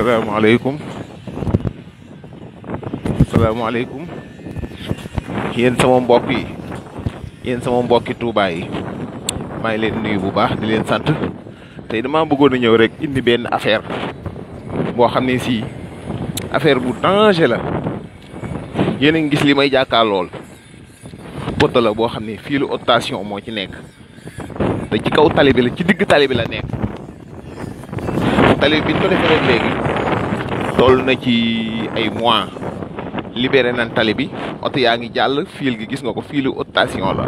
Assalamualaikum, assalamualaikum. yéen sama mbokk yi yéen sama mbokki Touba yi maa ngi leen nuyu bu baax di leen sant tey damaa bëggoon a ñëw rek indi benn affaire boo xam ne si affaire bu danger la yéen a ngi gis li may jàkkaar lool poto la boo tali bi la ci tali bi la tali bi ñu ko defee léegi tol na ci ay mois libéré nan tali bi auto yaa ngi jàll gi gis nga ko filu haute la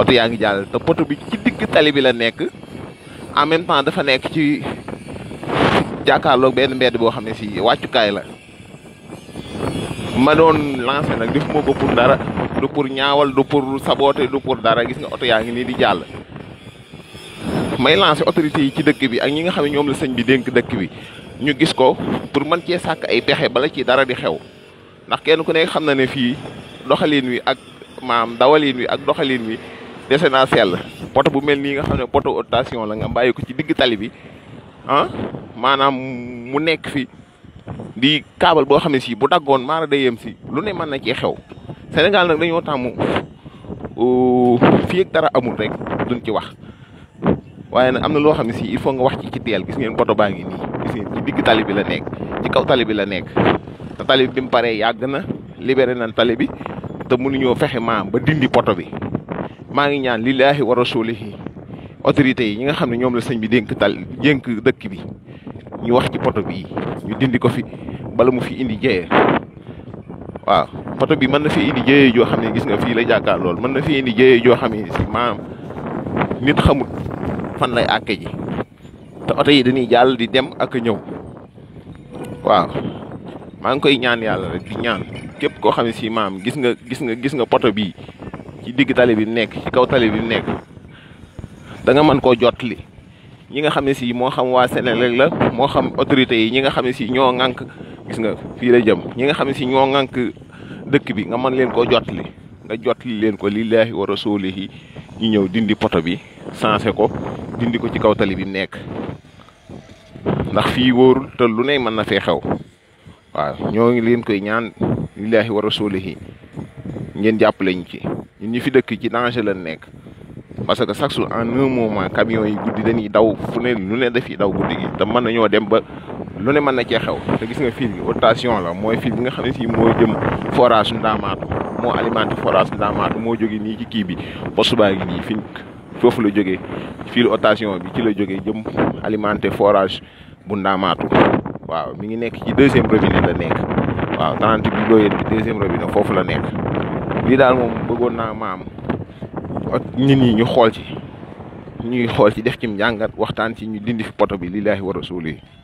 auto yaa ngi jàll te poto bi ci digg tali bi la nek en même temps dafa nek ci jàkkaarloog ben mbedd bo xamné ci si kay la ma doon lancé nag defuma pour dara du pour ñaawal du pour saboter du pour dara gis nga auto yaa ni di jall may lancer autorité yi ci dëkk bi ak ñi nga xam ñoom la señ bi dénk dëkk bi ñu gis ko pour man cee sàkk ay pexe bala ci dara di xew ndax kenn ku nekk xam na ne fii doxalin wi ak maam dawalin wi ak doxalin wi dese naa sell poto bu mel nii nga xam ne poto haute la nga bàyyi ko ci digg tali bi ah maanaam mu nekk fi di kaabal boo xam ne si bu daggoon maara day yem si lu ne mën na ci xew Sénégal nag dañoo tàmm uh, fii ak dara amul rek duñ ci wax waaye nag am na loo xam ne si il faut nga wax ci ci teel gis ngeen poto baa ngi nii gis ngeen ci digg tali bi la nekk ci kaw tali bi la nekk te tali bi mu paree yàgg na libéré nañ tali bi te mënuñoo fexe maam ba dindi poto bi maa ngi ñaan lillahi wa rasulihi autorité yi ñi nga xam ne ñoom la sëñ bi dénk tal dénk dëkk bi ñu wax ci poto bi ñu dindi ko fi bala mu fi indi jëye waaw poto bi mën na fi indi jëye joo xam ne gis nga fii la jàkkaar lool mën na fi indi jëye joo xam ne si maam nit xamul fan lay àkke ji te oto yi dañuy jàll di dem ak ñëw waaw maa ngi koy ñaan yàlla rek di ñaan képp koo xam ne si maam gis nga gis nga gis nga poto bii ci digg tali bi nekk ci kaw tali bi nekk da nga mën koo jot li ñi nga xam ne si moo xam waa Sénélec la moo xam autorité yi ñi nga xam ne si ñoo ŋànk gis nga fii la jëm ñi nga xam ne si ñoo ŋànk dëkk bi nga mën leen ko jot nga jot leen ko lillahi wa rasulihi ñu ñëw dindi poto bi sensé ko dindi ko ci kaw tali bi nek ndax fi wóorul te lu ne man na fe xew wa ñoo ngi leen koy ñaan lillahi wa rasulih ngeen japp lañ ci ñun ñi fi dëkk ci danger la nek parce que chaque en un moment camion yi guddi dañuy daw fu ne lu ne dafi daw guddi gi te man nañoo dem ba lu ne man na ci xew te gis nga fil bi rotation la moy fil bi nga xam ne moy jëm forage ndamaatu mo alimenté forage ndamaatu mo jóge ni ci ki bi ba subaa gi nii foofu la jóge fil rotation bi ci la jógee jëm alimenté forage bu ndaamaatu waaw mi ngi nekk ci deuxième robinet la nekk waaw 30 bi doyet bi deuxième robinet foofu la nekk lii daal moom bëggoon naa maam nit ñi ñu xool ci ñuy xool ci def ci njàngat waxtaan ci ñu dindi fi poto bi lillaahi wa rasuuli